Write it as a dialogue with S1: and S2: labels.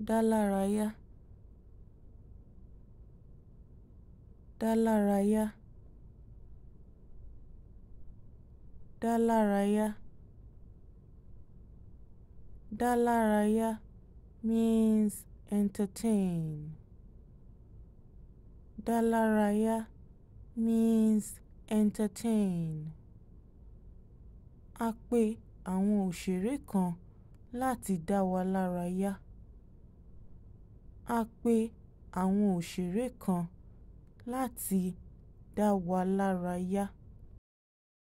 S1: dá lára yá dá means entertain dá means entertain a pè àwọn òṣèré kan láti dá wa lára yá a pe àwọn òṣèré kan láti dá wa lára yá